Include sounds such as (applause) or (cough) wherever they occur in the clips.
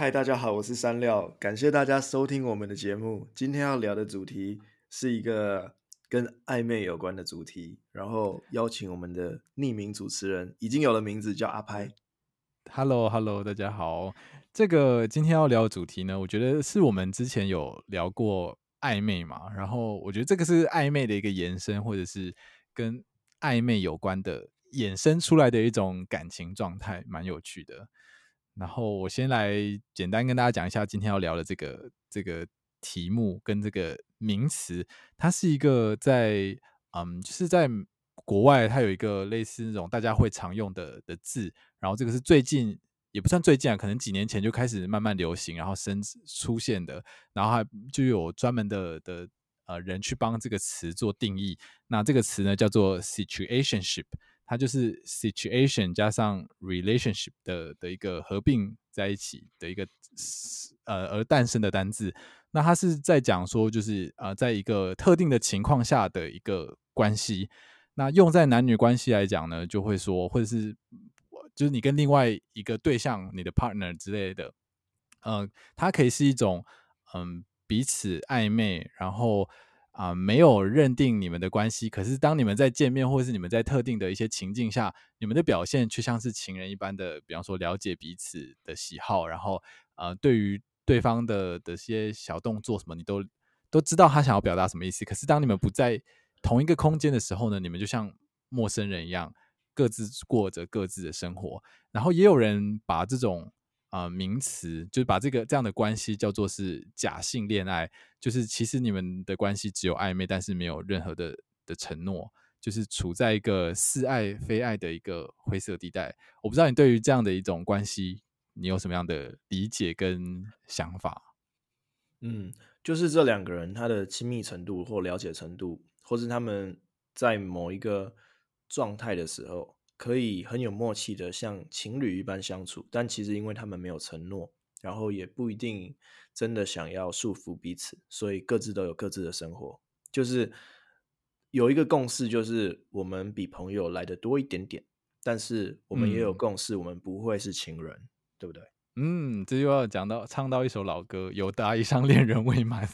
嗨，大家好，我是三料，感謝大家收聽我們的節目。今天要聊的主題是一個跟曖昧有關的主題，然後邀請我們的匿名主持人，已經有了名字叫阿拍。Hello，Hello，hello，大家好。這個今天要聊的主題呢，我覺得是我們之前有聊過曖昧嘛，然後我覺得這個是曖昧的一個延伸，或者是跟曖昧有關的衍生出來的一種感情狀態，蠻有趣的。然後我先來簡單跟大家講一下今天要聊的這個這個題目跟這個名詞，它是一個在嗯，就是在國外它有一個類似那種大家會常用的的字，然後這個是最近也不算最近啊，可能幾年前就開始慢慢流行，然後生出現的，然後還就有專門的的呃人去幫這個詞做定義。那這個詞呢，叫做 Situationship。它就是 situation 加上 relationship 的的一個合併在一起的一個呃而誕生的單字。那它是在講說，就是呃，在一個特定的情況下的一個關係。那用在男女關係來講呢，就會說，或者是就是你跟另外一個對象，你的 partner 之類的，嗯、呃，它可以是一種嗯、呃，彼此曖昧，然後。啊、呃，沒有認定你們的關係，可是當你們在見面，或者是你們在特定的一些情境下，你們的表現卻像是情人一般的，比方說了解彼此的喜好，然後呃，對於對方的的一些小動作什麼，你都都知道他想要表達什麼意思。可是當你們不在同一個空間的時候呢，你們就像陌生人一樣，各自過着各自的生活。然後也有人把這種。啊、呃，名詞就是把這個這樣的關係叫做是假性戀愛，就是其實你們的關係只有曖昧，但是沒有任何的的承諾，就是處在一個似愛非愛的一個灰色地帶。我不知道你對於這樣的一種關係，你有什麼樣的理解跟想法？嗯，就是這兩個人他的親密程度或了解程度，或是他們在某一個狀態的時候。可以很有默契的像情侶一般相處，但其實因為他們沒有承諾，然後也不一定真的想要束縛彼此，所以各自都有各自的生活。就是有一個共識，就是我們比朋友來得多一點點，但是我們也有共識，我們不會是情人，嗯、對不對？嗯，這又要講到唱到一首老歌，有大一上《戀人未滿。》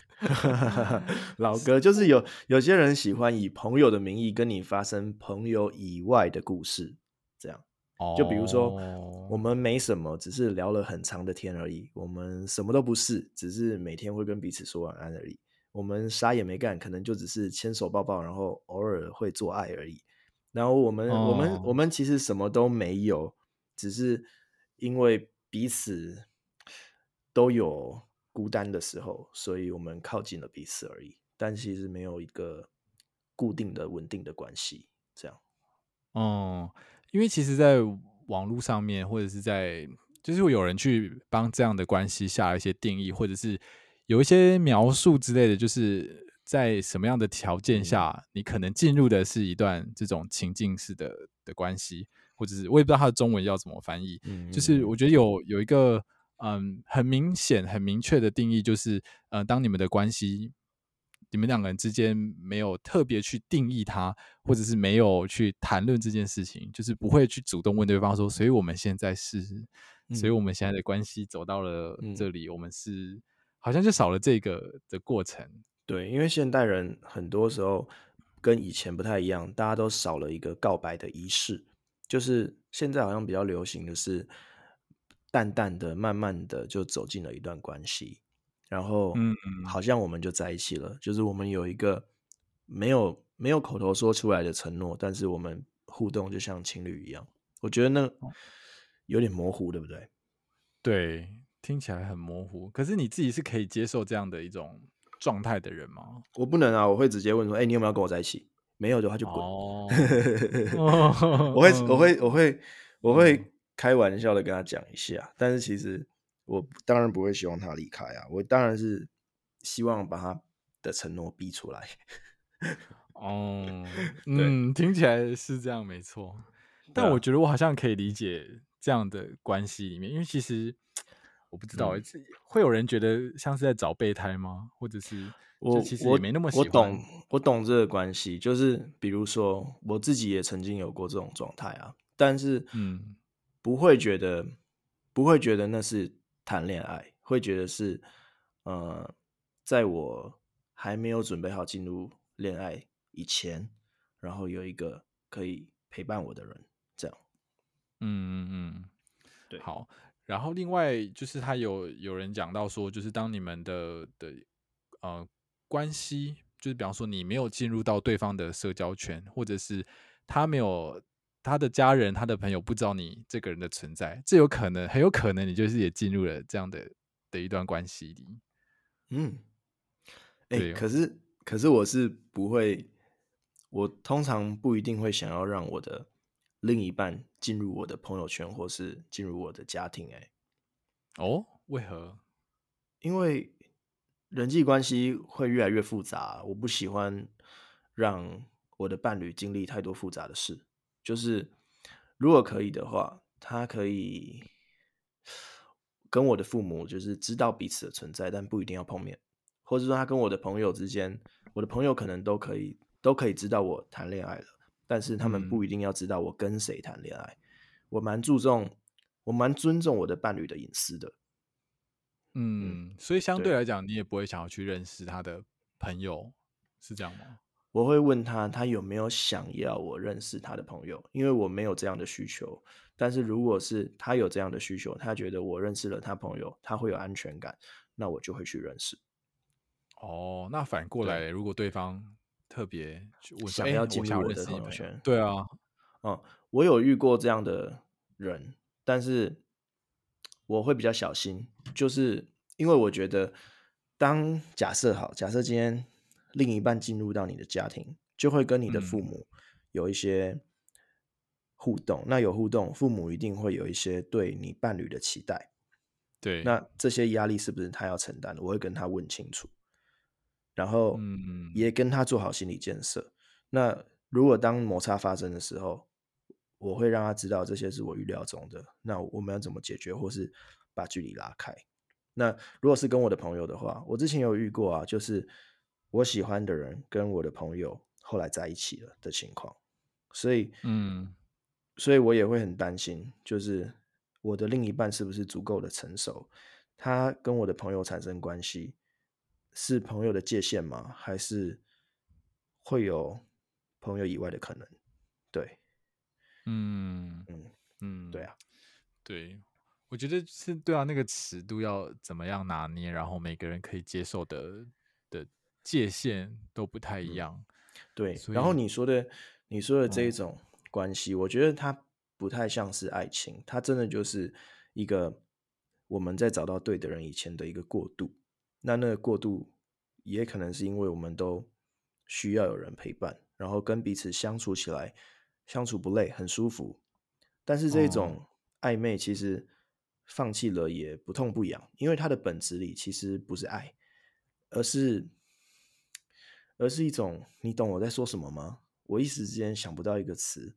(laughs) (laughs) 老歌就是有有些人喜歡以朋友的名義跟你發生朋友以外的故事，這樣。就比如說，oh. 我們沒什麼，只是聊了很長的天而已。我們什麼都不是，只是每天會跟彼此說晚安而已。我們啥也沒幹，可能就只是牽手抱抱，然後偶爾會做愛而已。然後我們，oh. 我們，我們其實什麼都沒有，只是因為。彼此都有孤單的時候，所以我們靠近了彼此而已，但其實沒有一個固定的、穩定的關係。這樣，哦、嗯，因為其實，在網絡上面，或者是在，就是會有人去幫這樣的關係下一些定義，或者是有一些描述之類的，就是在什麼樣的條件下、嗯，你可能進入的是一段這種情境式的的關係。就是我也不知道他的中文要怎麼翻譯、嗯，就是我覺得有有一個嗯很明顯很明確的定義，就是嗯當你們的關係你們兩個人之間沒有特別去定義它，或者是沒有去談論這件事情，就是不會去主動問對方說，所以我們現在是，嗯、所以我們現在的關係走到了這裡、嗯，我們是好像就少了這個的過程。對，因為現代人很多時候跟以前不太一樣，大家都少了一個告白的儀式。就是現在好像比較流行的是，淡淡的、慢慢的就走進了一段關係，然後，嗯，好像我們就在一起了。嗯、就是我們有一個沒有沒有口頭說出來的承諾，但是我們互動就像情侶一樣。我覺得那有點模糊，對不對？對，聽起來很模糊。可是你自己是可以接受這樣的一種狀態的人嗎？我不能啊，我會直接問說：“哎、欸，你有沒有跟我在一起？”沒有的話就滾，oh. Oh. Oh. (laughs) 我會我會我會我會開玩笑的跟他講一下，嗯，但是其實我當然不會希望他離開啊，我當然是希望把他的承諾逼出來。哦、 (laughs) oh. (laughs) 對，嗯，聽起來是這樣沒錯，但我覺得我好像可以理解這樣的關係裡面，因為其實。我不知道、嗯、會有人覺得像是在找備胎嗎？或者是我其實我沒那麼想我，我，我懂我懂這個關係，就是比如說我自己也曾經有過這種狀態啊，但是嗯，不會覺得、嗯、不會覺得那是談戀愛，會覺得是呃，在我還沒有準備好進入戀愛以前，然後有一個可以陪伴我的人，這樣，嗯嗯嗯，對，好。然後另外就是，他有有人講到說，就是當你們的的呃關係，就是比方說你沒有進入到對方的社交圈，或者是他沒有他的家人、他的朋友不知道你這個人的存在，這有可能，很有可能你就是也進入了這樣的的一段關係裡。嗯，哎、欸，對，可是可是我是不會，我通常不一定會想要讓我的。另一半進入我的朋友圈，或是進入我的家庭，哎，哦，為何？因為人際關係會越來越複雜，我不喜歡讓我的伴侶經歷太多複雜的事。就是如果可以的話，他可以跟我的父母就是知道彼此的存在，但不一定要碰面。或者說，他跟我的朋友之間，我的朋友可能都可以，都可以知道我談戀愛了。但是他們不一定要知道我跟誰談戀愛，嗯，我蠻注重，我蠻尊重我的伴侶的隱私的，嗯，所以相對來講，你也不會想要去認識他的朋友，是這樣嗎？我會問他，他有沒有想要我認識他的朋友，因為我沒有這樣的需求。但是如果是他有這樣的需求，他覺得我認識了他朋友，他會有安全感，那我就會去認識。哦，那反過來，如果對方，特別想，想要進入我的朋友圈，對啊，嗯，我有遇過這樣的人，但是我會比較小心，就是因為我覺得，當假設好，假設今天另一半進入到你的家庭，就會跟你的父母有一些互動，嗯，那有互動，父母一定會有一些對你伴侶的期待，對，那這些壓力是不是他要承擔？我會跟他問清楚。然後，也跟他做好心理建設。嗯。那如果當摩擦發生的時候，我會讓他知道這些是我預料中的。那我們要怎麼解決，或是把距離拉開？那如果是跟我的朋友的話，我之前有遇過啊，就是我喜歡的人跟我的朋友後來在一起了的情況。所以，嗯，所以我也會很擔心，就是我的另一半是不是足夠的成熟？他跟我的朋友產生關係。是朋友的界限嗎？還是會有朋友以外的可能？對，嗯嗯嗯，對啊，對，我覺得是對啊，那個尺度要怎麼樣拿捏，然後每個人可以接受的的界限都不太一樣。嗯、對，然後你說的你說的這一種關係、嗯，我覺得它不太像是愛情，它真的就是一個我們在找到對的人以前的一個過渡。那那個過度，也可能是因為我們都需要有人陪伴，然後跟彼此相處起來，相處不累，很舒服。但是這種曖昧其實放棄了也不痛不癢，嗯，因為它的本質裡其實不是愛，而是，而是一種，你懂我在說什麼嗎？我一時之間想不到一個詞。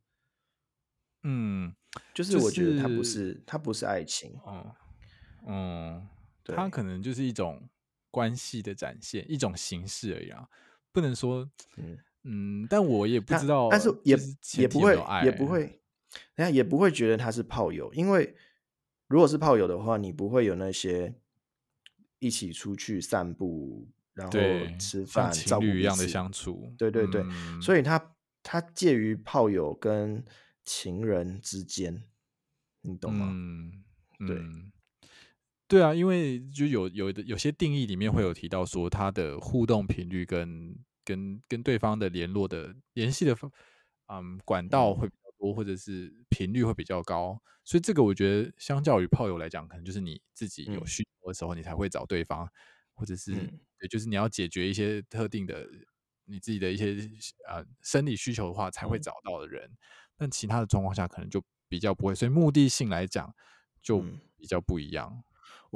嗯，就是我覺得它不是，就是，它不是，它不是愛情。嗯嗯對，它可能就是一種。關係的展現，一種形式而已啊，不能說，嗯，嗯，但我也不知道但，但是也，就是欸、也不會，也不會等下，也不會覺得他是炮友，因為如果是炮友的話，你不會有那些一起出去散步，然後吃飯、像情侶一樣的相處，對對對，嗯、所以他他介於炮友跟情人之間，你懂嗎？嗯嗯、對。對啊，因為就有有的有些定義裡面會有提到說，他的互動頻率跟跟跟對方的聯絡的聯繫的方，嗯，管道會比較多，或者是頻率會比較高，所以這個我覺得相較於炮友來講，可能就是你自己有需求的時候，你才會找對方，嗯、或者是也、嗯、就是你要解決一些特定的你自己的一些啊、呃、生理需求的話，才會找到的人。嗯、但其他的狀況下，可能就比較不會，所以目的性來講，就比較不一樣。嗯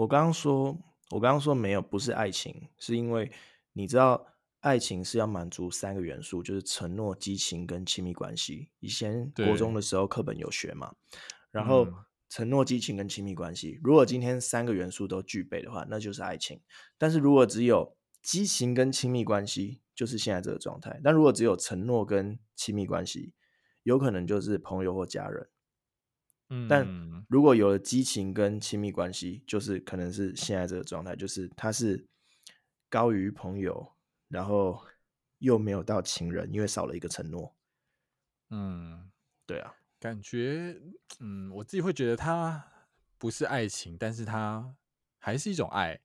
我剛剛說，我剛剛說沒有，不是愛情，是因為你知道愛情是要滿足三個元素，就是承諾、激情跟親密關係。以前國中的時候課本有學嘛。然後承諾、激情跟親密關係、嗯，如果今天三個元素都具備的話，那就是愛情。但是如果只有激情跟親密關係，就是現在這個狀態。但如果只有承諾跟親密關係，有可能就是朋友或家人。但如果有了激情跟親密關係，就是可能是現在這個狀態，就是他是高於朋友，然後又沒有到情人，因為少了一個承諾。嗯，對啊，感覺，嗯，我自己會覺得他不是愛情，但是他還是一種愛，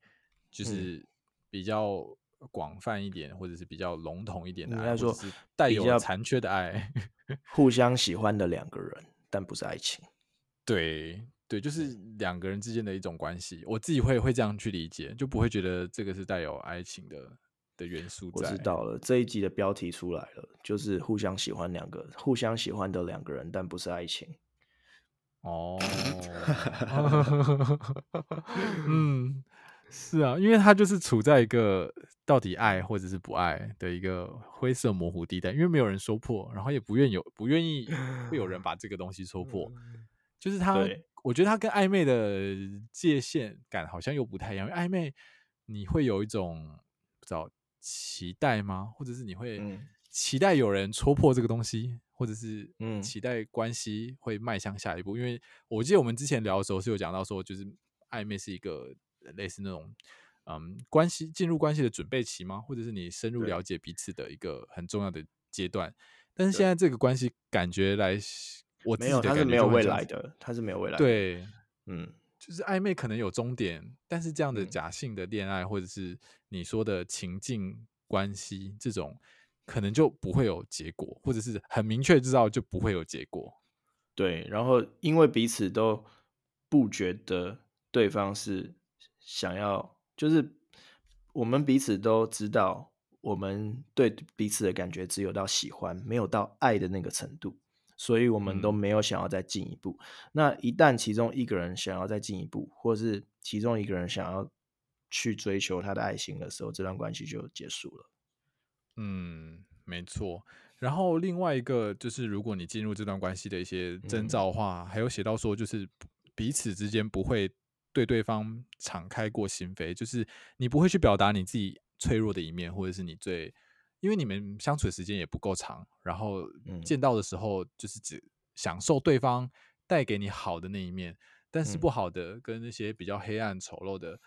就是比較廣泛一點，嗯，或者是比較籠統一點的愛，的，應該說帶有殘缺的愛， (laughs) 互相喜歡的兩個人，但不是愛情。對對，就是兩個人之間的一種關係，我自己會會這樣去理解，就不會覺得這個是帶有愛情的的元素在。我知道了，這一集的標題出來了，就是互相喜歡兩個互相喜歡的兩個人，但不是愛情。哦， (laughs) (laughs) 嗯，是啊，因為他就是處在一個到底愛或者是不愛的一個灰色模糊地帶，因為沒有人說破，然後也不願有不願意會有人把這個東西說破。 (laughs) 嗯就是他，我覺得他跟曖昧的界限感好像又不太一樣。因為曖昧，你會有一種不知道期待嗎？或者是你會期待有人戳破這個東西，或者是期待關係會邁向下一步？嗯、因為我記得我們之前聊的時候是有講到說，就是曖昧是一個類似那種嗯關係進入關係的準備期嗎？或者是你深入了解彼此的一個很重要的階段？但是現在這個關係感覺來。我沒有，他是沒有未來的，是他是沒有未來。對，嗯，就是曖昧可能有終點，但是這樣的假性的戀愛，嗯、或者是你說的情境關係，這種可能就不會有結果，或者是很明確知道就不會有結果。對，然後因為彼此都不覺得對方是想要，就是我們彼此都知道，我們對彼此的感覺只有到喜歡，沒有到愛的那個程度。所以，我們都沒有想要再進一步、嗯。那一旦其中一個人想要再進一步，或是其中一個人想要去追求他的愛情的時候，這段關係就結束了。嗯，沒錯。然後另外一個就是，如果你進入這段關係的一些徵兆的話、嗯，還有寫到說，就是彼此之間不會對對方敞開過心扉，就是你不會去表達你自己脆弱的一面，或者是你最。因為你們相處的時間也不夠長，然後見到的時候就是只享受對方帶給你好的那一面，嗯、但是不好的跟那些比較黑暗醜陋的、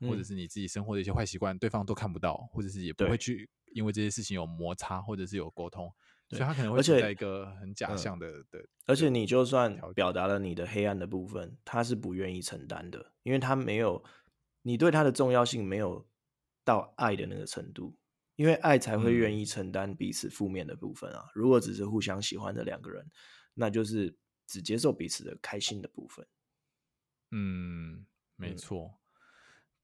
嗯，或者是你自己生活的一些壞習慣，對方都看不到，或者是也不會去，因為這些事情有摩擦，或者是有溝通，所以他可能會存在一個很假象的的。而且你就算表達了你的黑暗的部分，他是不願意承擔的，因為他沒有，你對他的重要性沒有到愛的那個程度。因為愛才會願意承擔彼此負面的部分啊、嗯！如果只是互相喜歡的兩個人，那就是只接受彼此的開心的部分。嗯，沒錯，嗯、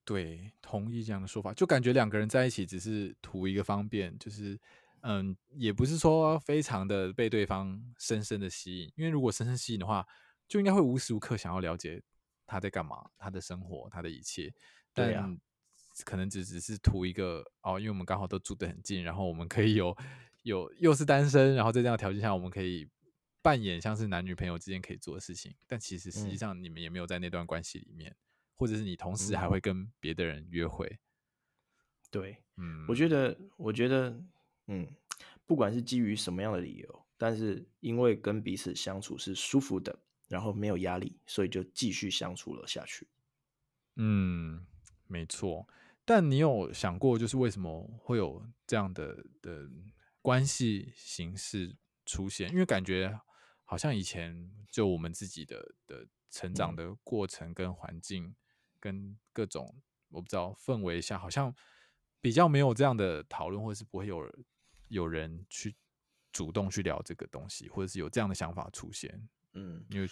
對，同意這樣的說法。就感覺兩個人在一起只是圖一個方便，就是嗯，也不是說非常的被對方深深的吸引。因為如果深深吸引的話，就應該會無時無刻想要了解他在幹嘛，他的生活，他的一切。對呀、啊。可能只只是圖一個哦，因為我們剛好都住得很近，然後我們可以有有又是單身，然後在這樣的條件下，我們可以扮演像是男女朋友之間可以做的事情，但其實實際上你們也沒有在那段關係裡面，嗯，或者是你同時還會跟別的人約會。嗯，對，嗯，我覺得，我覺得，嗯，不管是基於什麼樣的理由，但是因為跟彼此相處是舒服的，然後沒有壓力，所以就繼續相處了下去。嗯，沒錯。但你有想過，就是為什麼會有這樣的的關係形式出現？因為感覺好像以前就我們自己的的成長的過程跟環境跟各種、嗯、我不知道氛圍下，好像比較沒有這樣的討論，或者是不會有有人去主動去聊這個東西，或者是有這樣的想法出現。嗯，因為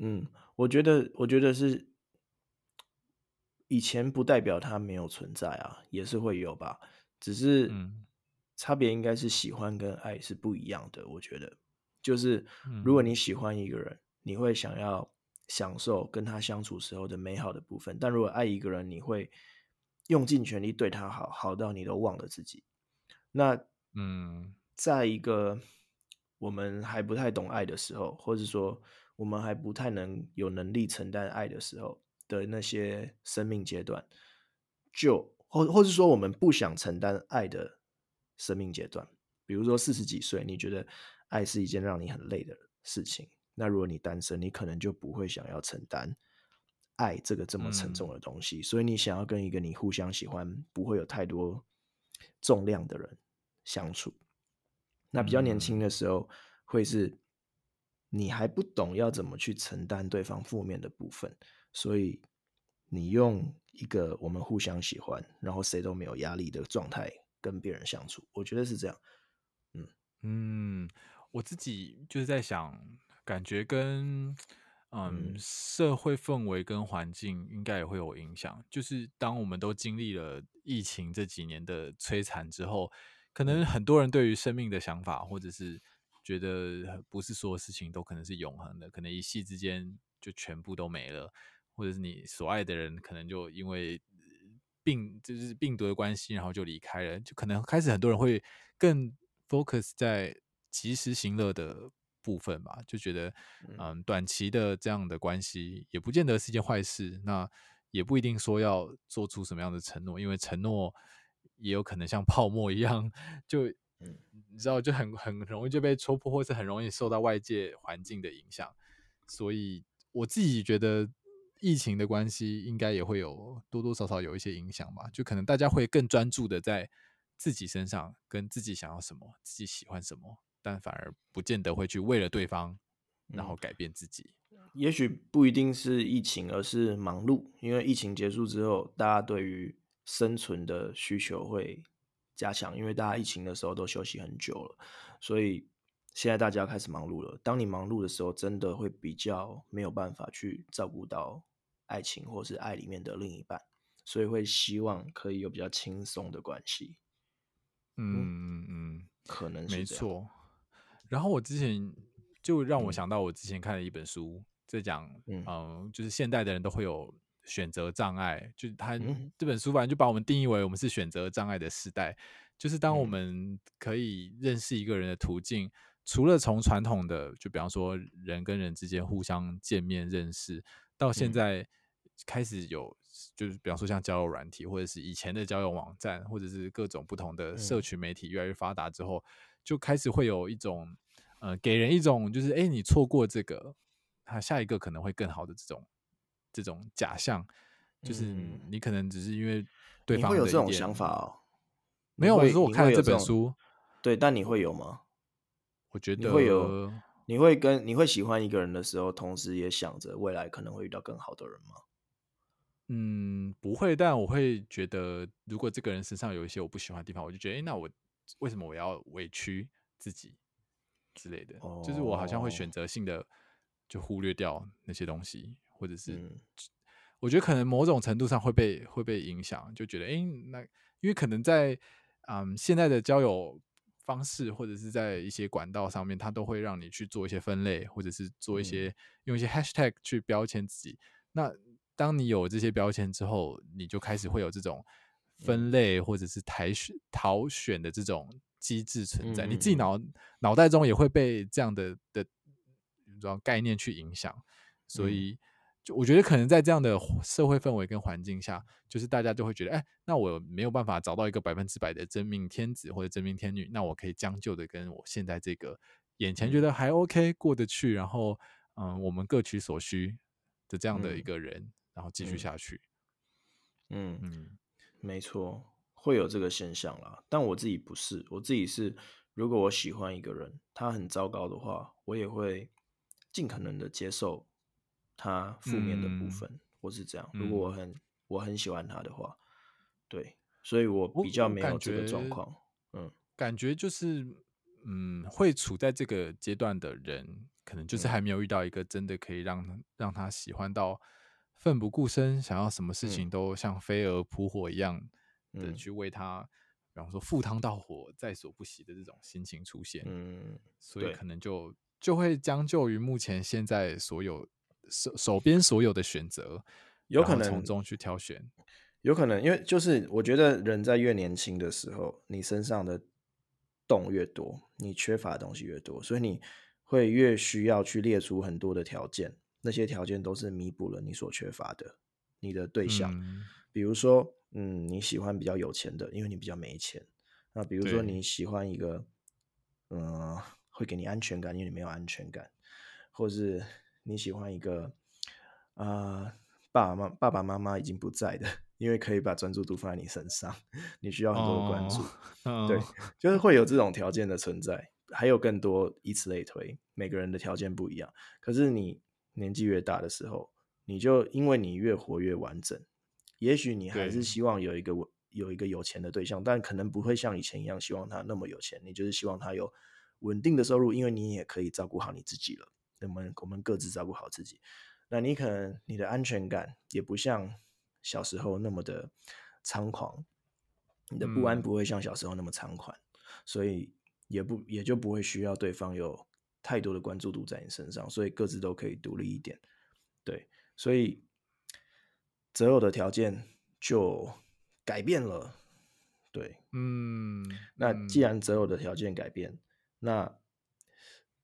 嗯，我覺得，我覺得是。以前不代表他沒有存在啊，也是會有吧。只是差別應該是喜歡跟愛是不一樣的，我覺得。就是如果你喜歡一個人，你會想要享受跟他相處時候的美好的部分，但如果愛一個人，你會用盡全力對他好，好到你都忘了自己。那嗯，在一個我們還不太懂愛的時候，或者說我們還不太能有能力承擔愛的時候。的那些生命階段，就或或是說，我們不想承擔愛的生命階段。比如說，四十幾歲，你覺得愛是一件讓你很累的事情，那如果你單身，你可能就不會想要承擔愛這個這麼沉重的東西。嗯、所以，你想要跟一個你互相喜歡、不會有太多重量的人相處。那比較年輕的時候，會是、嗯、你還不懂要怎麼去承擔對方負面的部分。所以，你用一個我們互相喜歡，然後誰都沒有壓力的狀態跟別人相處，我覺得是這樣。嗯嗯，我自己就是在想，感覺跟嗯，嗯社會氛圍跟環境應該也會有影響。就是當我們都經歷了疫情這幾年的摧殘之後，可能很多人對於生命的想法，或者是覺得不是所有事情都可能是永恆的，可能一夕之間就全部都沒了。或者是你所愛的人，可能就因為病，就是病毒的關係，然後就離開了。就可能開始很多人會更 focus 在及時行樂的部分吧，就覺得，嗯，短期的這樣的關係也不見得是件壞事。那也不一定說要做出什麼樣的承諾，因為承諾也有可能像泡沫一樣，就你知道，就很很容易就被戳破，或是很容易受到外界環境的影響。所以我自己覺得。疫情的關係應該也會有多多少少有一些影響吧，就可能大家會更專注的在自己身上，跟自己想要什麼，自己喜歡什麼，但反而不見得會去為了對方然後改變自己。嗯，也許不一定是疫情，而是忙碌。因為疫情結束之後，大家對於生存的需求會加強，因為大家疫情的時候都休息很久了，所以現在大家開始忙碌了。當你忙碌的時候，真的會比較沒有辦法去照顧到。愛情，或是愛裡面的另一半，所以會希望可以有比較輕鬆的關係。嗯嗯嗯，可能沒錯。然後我之前就讓我想到，我之前看了一本書在講，嗯這講，呃，就是現代的人都會有選擇障礙，就他，嗯，這本書反正就把我們定義為我們是選擇障礙的時代。就是當我們可以認識一個人的途徑，嗯，除了從傳統的，就比方說人跟人之間互相見面認識。到現在開始有，嗯、就是比方說像交友軟體，或者是以前的交友網站，或者是各種不同的社群媒體越來越發達之後、嗯，就開始會有一種，呃，給人一種就是，哎、欸，你錯過這個，他下一個可能會更好的這種這種假象、嗯，就是你可能只是因為對方的你會有這種想法哦，沒有，我說我看了這本書這，對，但你會有嗎？我覺得會有。你會跟你會喜歡一個人的時候，同時也想着未來可能會遇到更好的人嗎？嗯，不會，但我會覺得，如果這個人身上有一些我不喜歡的地方，我就覺得，哎，那我為什麼我要委屈自己之類的？哦，就是我好像會選擇性的就忽略掉那些東西，或者是，嗯，我覺得可能某種程度上會被會被影響，就覺得，哎，那因為可能在嗯現在的交友方式或者是在一些管道上面，它都會讓你去做一些分類，或者是做一些用一些 hashtag 去標籤自己。嗯、那當你有這些標籤之後，你就開始會有這種分類或者是汰選，淘選的這種機制存在。嗯、你自己腦腦袋中也會被這樣的的這種概念去影響，所以。嗯我覺得可能在這樣的社會氛圍跟環境下，就是大家就會覺得，哎，那我沒有辦法找到一個百分之百的真命天子或者真命天女，那我可以將就的跟我現在這個眼前覺得還 OK、嗯、過得去，然後嗯，我們各取所需的這樣的一個人，嗯、然後繼續下去。嗯嗯，沒錯，會有這個現象啦，但我自己不是，我自己是，如果我喜歡一個人，他很糟糕的話，我也會盡可能的接受。他負面的部分、嗯，我是這樣，如果我很我很喜歡他的話、嗯，對，所以我比較沒有這個狀況。嗯，感覺就是，嗯，會處在這個階段的人，可能就是還沒有遇到一個真的可以讓讓他喜歡到奮不顧身，想要什麼事情都像飛蛾撲火一樣的去為他、嗯，比方說赴湯蹈火，在所不惜的這種心情出現。嗯，所以可能就就會將就於目前現在所有。手手邊所有的選擇，有可能從中去挑選，有可能，因為就是我覺得人在越年輕的時候，你身上的洞越多，你缺乏的東西越多，所以你會越需要去列出很多的條件，那些條件都是彌補了你所缺乏的。你的對象，嗯、比如說，嗯，你喜歡比較有錢的，因為你比較沒錢。那比如說你喜歡一個，嗯，會給你安全感，因為你沒有安全感，或是。你喜歡一個啊、呃，爸爸媽爸爸媽媽已經不在的，因為可以把專注度放在你身上，你需要很多的關注，oh. Oh. 對，就是會有這種條件的存在。還有更多，以此類推，每個人的條件不一樣。可是你年紀越大的時候，你就因為你越活越完整，也許你還是希望有一個有一個有錢的對象，但可能不會像以前一樣希望他那麼有錢。你就是希望他有穩定的收入，因為你也可以照顧好你自己了。我們我們各自照顧好自己，那你可能你的安全感也不像小時候那麼的猖狂，你的不安不會像小時候那麼猖狂，嗯、所以也不也就不會需要對方有太多的關注度在你身上，所以各自都可以獨立一點，對，所以擇偶的條件就改變了，對，嗯，那既然擇偶的條件改變，那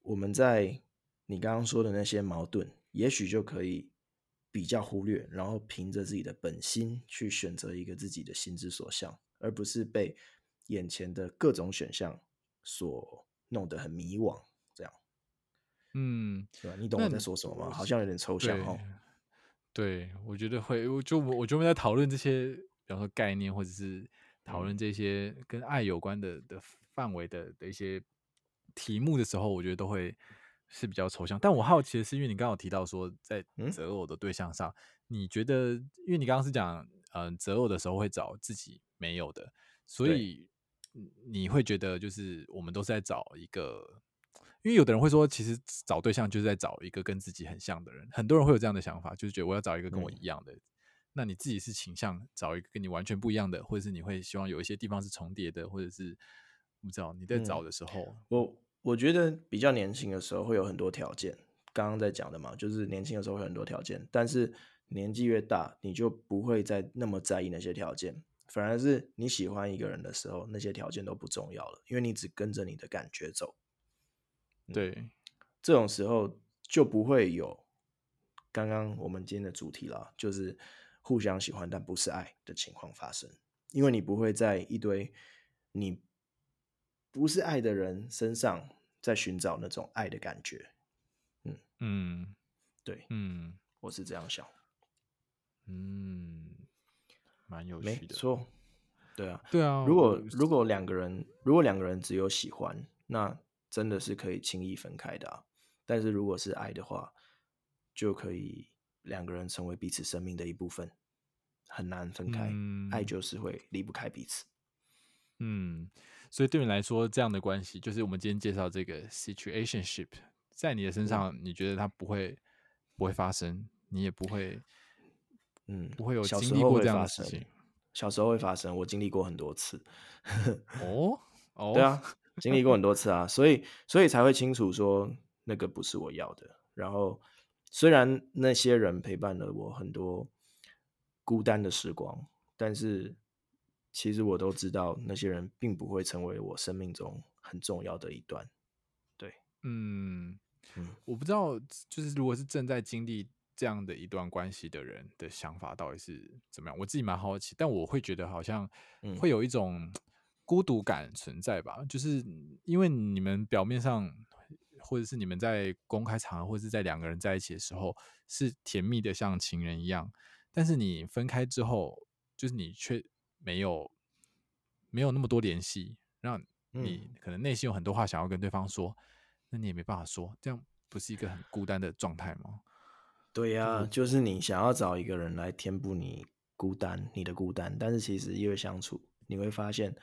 我們在，你剛剛說的那些矛盾，也許就可以比較忽略，然後憑着自己的本心去選擇一個自己的心之所向，而不是被眼前的各種選項所弄得很迷惘。這樣，嗯，對吧？你懂我在說什麼嗎？好像有點抽象哦。對，對我覺得會，我就我，我覺得我在討論這些，比方說概念，或者是討論這些跟愛有關的的範圍的的一些題目的時候，我覺得都會。是比較抽象，但我好奇的是，因為你剛好提到說，在擇偶的對象上、嗯，你覺得，因為你剛剛是講，嗯、呃，擇偶的時候會找自己沒有的，所以你會覺得，就是我們都是在找一個，因為有的人會說，其實找對象就是在找一個跟自己很像的人，很多人會有這樣的想法，就是覺得我要找一個跟我一樣的。嗯、那你自己是傾向找一個跟你完全不一樣的，或者是你會希望有一些地方是重疊的，或者是我不知道你在找的時候，我、嗯。我覺得比較年輕的時候會有很多條件，剛剛在講的嘛，就是年輕的時候會有很多條件，但是年紀越大，你就不會再那麼在意那些條件，反而是你喜歡一個人的時候，那些條件都不重要了，因為你只跟着你的感覺走。嗯，對，這種時候就不會有剛剛我們今天的主題了，就是互相喜歡但不是愛的情況發生，因為你不會在一堆你。不是愛的人身上在尋找那種愛的感覺，嗯，嗯，對，嗯，我是這樣想，嗯，蠻有趣的，錯，對啊對啊，如果如果兩個人，如果兩個人只有喜歡，那真的是可以輕易分開的啊。但是如果是愛的話，就可以兩個人成為彼此生命的一部分，很難分開。嗯，愛就是會離不開彼此，嗯。所以對你來說，這樣的關係就是我們今天介紹這個 situationship，在你的身上，你覺得它不會不會發生，你也不會，嗯，不會有經歷過這樣的事情。小時候會發生，小時候會發生，我經歷過很多次。哦、 (laughs) oh?，oh? 對啊，經歷過很多次啊， (laughs) 所以所以才會清楚說那個不是我要的。然後雖然那些人陪伴了我很多孤單的時光，但是。其實我都知道，那些人並不會成為我生命中很重要的一段。對，嗯，我不知道，就是如果是正在經歷這樣的一段關係的人的想法到底是怎麼樣，我自己蠻好奇。但我會覺得好像會有一種孤獨感存在吧？嗯，就是因為你們表面上，或者是你們在公開場合，或者是在兩個人在一起的時候，是甜蜜的像情人一樣，但是你分開之後，就是你卻。沒有沒有那麼多聯繫，讓你可能內心有很多話想要跟對方說，那、嗯、你也沒辦法說，這樣不是一個很孤單的狀態嗎？對呀、啊就是，就是你想要找一個人來填補你孤單，你的孤單。但是其實因為相處，你會發現，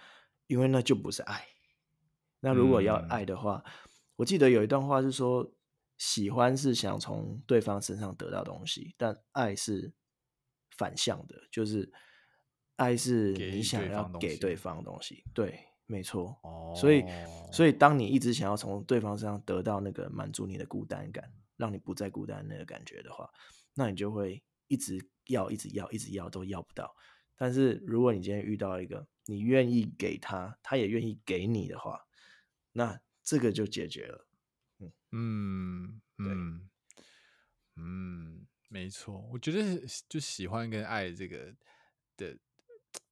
因為那就不是愛。那如果要愛的話，嗯、我記得有一段話是說，喜歡是想從對方身上得到東西，但愛是反向的，就是。愛是你想要給對方的東西，對，東西對，沒錯。哦。所以，所以當你一直想要從對方身上得到那個滿足你的孤單感，讓你不再孤單那個感覺的話，那你就會一直要，一直要，一直要，都要不到。但是如果你今天遇到一個你願意給他，他也願意給你的話，那這個就解決了。嗯，對。嗯，嗯，沒錯。我覺得就喜歡跟愛這個的。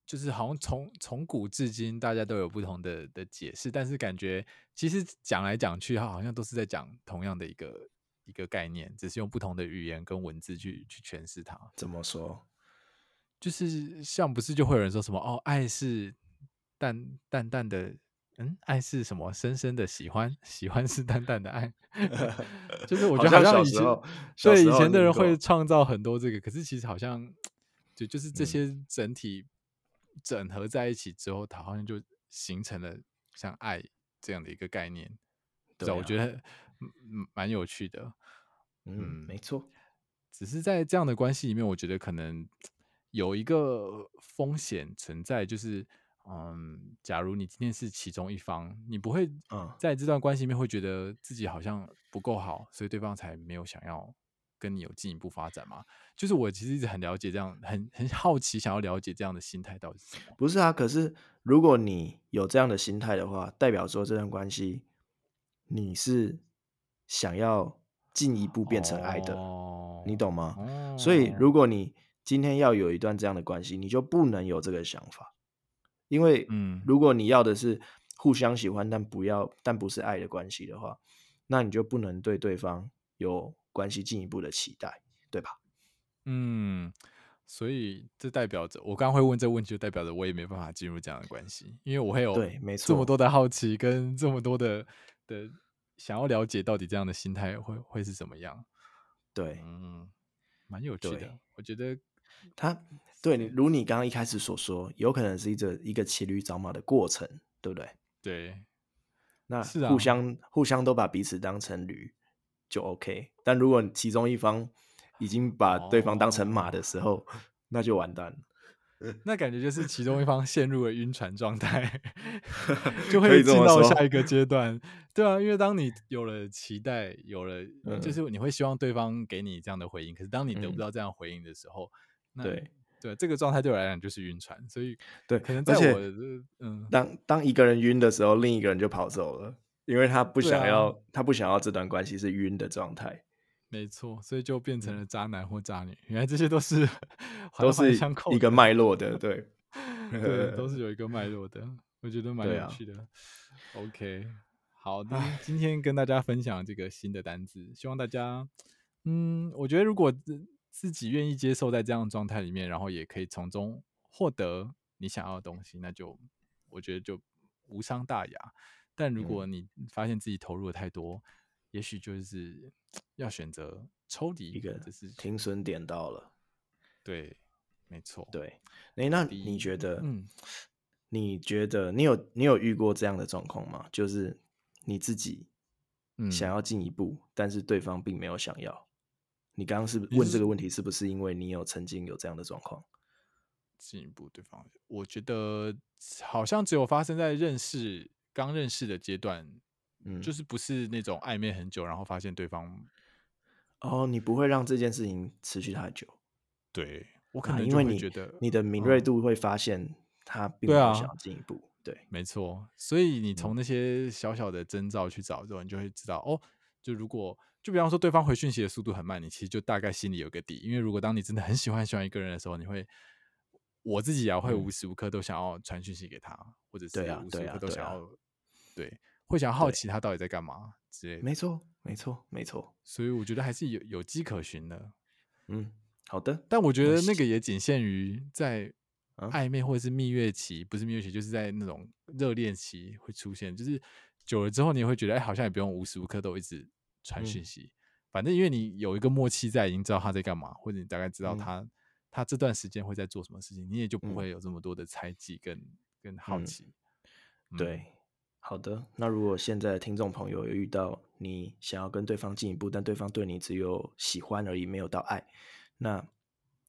就是好像從從古至今，大家都有不同的的解釋，但是感覺其實講來講去，它好像都是在講同樣的一個一個概念，只是用不同的語言跟文字去去詮釋它。怎麼說？就是像不是就會有人說什麼哦，愛是淡淡淡的，嗯，愛是什麼？深深的喜歡，喜歡是淡淡的愛。 (laughs) 就是我覺得好像以前， (laughs) 對以前的人會創造很多這個，可是其實好像就就是這些整體。整合在一起之後，它好像就形成了像愛這樣的一個概念。對啊，我覺得蠻有趣的。嗯，嗯，沒錯。只是在這樣的關係裡面，我覺得可能有一個風險存在，就是，嗯，假如你今天是其中一方，你不會嗯，在這段關係裡面會覺得自己好像不夠好，所以對方才沒有想要。跟你有進一步發展嗎？就是我其實一直很了解這樣，很很好奇，想要了解這樣的心態，到底是不是啊？可是如果你有這樣的心態的話，代表說，這段關係你是想要進一步變成愛的，哦、你懂嗎、哦？所以如果你今天要有一段這樣的關係，你就不能有這個想法，因為嗯，如果你要的是互相喜歡，但不要但不是愛的關係的話，那你就不能對對方有。關係進一步的期待，對吧？嗯，所以這代表着我剛會問這個問題，就代表着我也沒辦法進入這樣的關係，因為我會有對，沒錯。這麼多的好奇，跟這麼多的的想要了解到底這樣的心態會會是怎麼樣？對，嗯，蠻有趣的。我覺得他對你如你剛剛一開始所說，有可能是一個一個騎驢找馬的過程，對不對？對，那是啊，互相互相都把彼此當成驢。就 OK，但如果其中一方已經把對方當成馬的時候，哦、 (laughs) 那就完蛋了。那感覺就是其中一方陷入了暈船狀態， (laughs) (laughs) 就會進到下一個階段。對啊，因為當你有了期待，有了、嗯、就是你會希望對方給你這樣的回應，可是當你得不到這樣回應的時候，嗯、對對，這個狀態對我來講就是暈船。所以對，可能在我嗯，當當一個人暈的時候，另一個人就跑走了。因為他不想要、啊，他不想要這段關係是暈的狀態，沒錯，所以就變成了渣男或渣女。原來這些都是都是相扣一個脈絡的，對， (laughs) (laughs) 對，都是有一個脈絡的， (laughs) 我覺得蠻有趣的。啊、OK，好的，今 (laughs) 今天跟大家分享這個新的單字，希望大家，嗯，我覺得如果自己願意接受在這樣的狀態裡面，然後也可以從中獲得你想要的東西，那就我覺得就無傷大雅。但如果你發現自己投入的太多，嗯、也許就是要選擇抽離一個，就是停損點到了。對，沒錯。對，哎、欸，那你覺得？嗯，你覺得你有你有遇過這樣的狀況嗎？就是你自己想要進一步、嗯，但是對方並沒有想要。你剛剛是不是問這個問題，是不是因為你有曾經有這樣的狀況？進一步，對方，我覺得好像只有發生在認識。剛認識的階段，嗯，就是不是那種曖昧很久，然後發現對方，哦，你不會讓這件事情持續太久，對，啊、我可能因為你覺得、嗯、你的敏銳度會發現他並不想進一步對、啊，對，沒錯，所以你從那些小小的徵兆去找之後，嗯、你就會知道，哦，就如果就比方說對方回訊息的速度很慢，你其實就大概心裡有個底，因為如果當你真的很喜歡很喜歡一個人的時候，你會，我自己也會無時無刻都想要傳訊息給他，嗯、或者是無時無刻都想要、啊。對，會想好奇他到底在幹嘛之類的。沒錯，沒錯，沒錯。所以我覺得還是有有跡可循的。嗯，好的。但我覺得那個也僅限於在曖昧或者是蜜月期，嗯，不是蜜月期，就是在那種熱戀期會出現。就是久了之後，你也會覺得，哎，欸，好像也不用無時無刻都一直傳訊息，嗯。反正因為你有一個默契在，在已經知道他在幹嘛，或者你大概知道他，嗯，他這段時間會在做什麼事情，你也就不會有這麼多的猜忌跟跟好奇。嗯嗯，對。好的，那如果現在的聽眾朋友有遇到你想要跟對方進一步，但對方對你只有喜歡而已，沒有到愛，那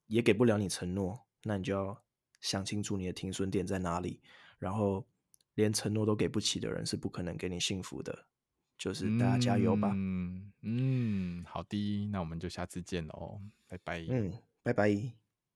也給不了你承諾，那你就要想清楚你的停損點在哪裡。然後連承諾都給不起的人，是不可能給你幸福的。就是大家加油吧。嗯嗯，好的，那我們就下次見了哦，拜拜。嗯，拜拜。